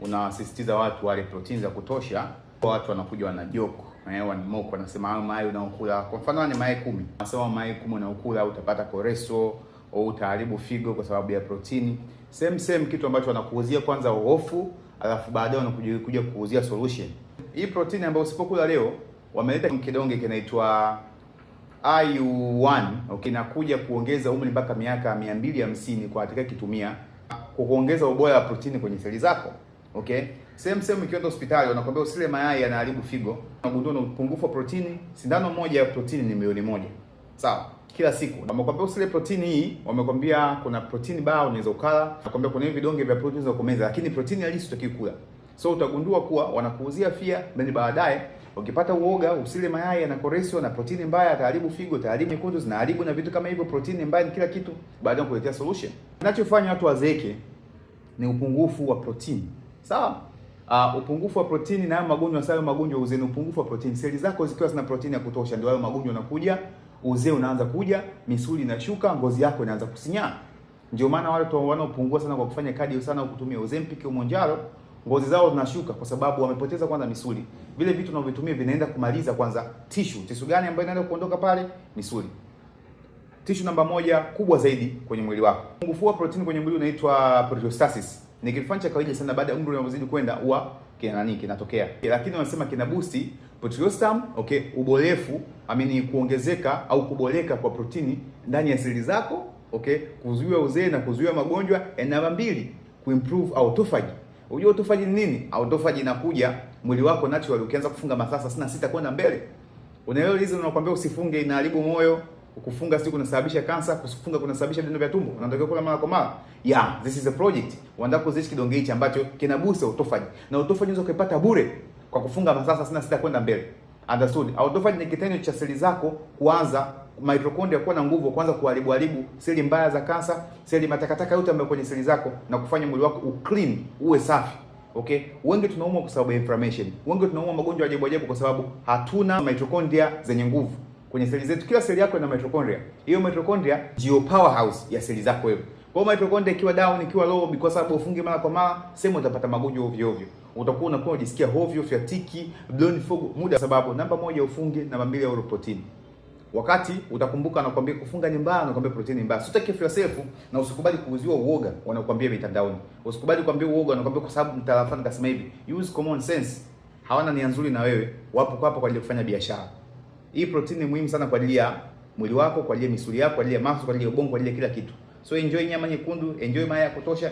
unawasisitiza watu wale protini za kutosha. Kwa Watu wanakuja wana joke eh, wanamoko wanasema hayo mayai unaokula, kwa mfano ni mayai kumi, nasema mayai kumi unaokula utapata koreso au utaharibu figo kwa sababu ya protini. Same same kitu ambacho wanakuuzia kwanza hofu, alafu baadaye wanakuja kuja kuuzia solution. Hii protini ambayo usipokula leo, wameleta kidonge kinaitwa IU1 okay, inakuja kuongeza umri mpaka miaka 250 kwa atakayekitumia, kuongeza ubora wa protini kwenye seli zako. Okay? Same same ukienda hospitali wanakuambia usile mayai yanaharibu figo. Unagundua na upungufu wa protini, sindano moja ya protini ni milioni moja. Sawa? Kila siku. Wamekuambia usile protini hii, wamekuambia kuna protini baa unaweza ukala, wamekwambia kuna hivi vidonge vya protini za kumeza, lakini protini halisi hutaki kula. So utagundua kuwa wanakuuzia fia, then baadaye ukipata uoga usile mayai yanakoreswa na protini mbaya, taharibu figo, taharibu nyekundu, zinaharibu na vitu kama hivyo, protini mbaya ni kila kitu, baadaye kuletea solution. Kinachofanya watu wazeeke ni upungufu wa protini sawa. Uh, upungufu wa protini na hayo magonjwa sayo magonjwa uzeni, upungufu wa protini, seli zako zikiwa zina protini ya kutosha, ndio hayo magonjwa yanakuja, uzee unaanza kuja, misuli inashuka, ngozi yako inaanza kusinyaa. Ndio maana watu wanaopungua sana kwa kufanya cardio sana, kutumia Ozempic, au Kilimanjaro, ngozi zao zinashuka kwa sababu wamepoteza kwanza misuli. Vile vitu tunavyotumia vinaenda kumaliza kwanza tishu. Tishu gani ambayo inaenda kuondoka pale? Misuli. Tishu namba moja kubwa zaidi kwenye mwili wako. Upungufu wa protini kwenye mwili unaitwa proteostasis ni kitu cha kawaida sana baada ya umri unaozidi kwenda huwa kina nani kinatokea, lakini wanasema kina boost potassium okay, uborefu amini, kuongezeka au kuboleka kwa protini ndani ya seli zako, okay, kuzuia uzee na kuzuia magonjwa. Namba mbili, kuimprove autophagy. Unajua autophagy ni nini? Autophagy inakuja mwili wako natural ukianza kufunga masaa 36 kwenda mbele. Unaelewa hizo, unakwambia usifunge, inaharibu moyo kufunga si kunasababisha kansa, kufunga kunasababisha vidonda vya tumbo, unatakiwa kula mara kwa mara. Yeah, this is a project. Wanataka kuzishi kidonge hichi ambacho kinagusa utofaji. Na utofaji unaweza kupata bure kwa kufunga masaa 36 kwenda mbele. Understood? Autofaji ni kitendo cha seli zako kuanza mitochondria kuwa na nguvu, kuanza kuharibu haribu seli mbaya za kansa, seli matakataka yote ambayo kwenye seli zako na kufanya mwili wako uclean, uwe safi. Okay, wengi tunaumwa kwa sababu ya inflammation. Wengi tunaumwa magonjwa ya ajabu ajabu kwa sababu hatuna mitochondria zenye nguvu kwenye seli zetu. Kila seli yako ina mitochondria. Hiyo mitochondria ndio powerhouse ya seli zako wewe. Kwa hiyo mitochondria ikiwa down, ikiwa low, kwa sababu ufungi mara kwa mara, sema utapata magonjwa ovyo ovyo. Utakuwa unakuwa unajisikia ovyo, fatiki, brain fog muda sababu namba moja ufunge, namba mbili au protini. Wakati utakumbuka anakuambia kufunga ni mbaya, anakuambia protein ni mbaya. So take yourself na usikubali kuuziwa uoga wanakuambia mitandaoni. Usikubali kuambia uoga wanakuambia kwa sababu mtaalamu kasema hivi. Use common sense. Hawana nia nzuri na wewe. Wapo kwa hapo kwa ajili ya kufanya biashara. Hii protini ni muhimu sana kwa ajili ya mwili wako, kwa ajili ya misuli yako, kwa ajili ya mafuta, kwa ajili ya ubongo, kwa ajili ya kila kitu. So enjoy nyama nyekundu, enjoy mayai ya kutosha.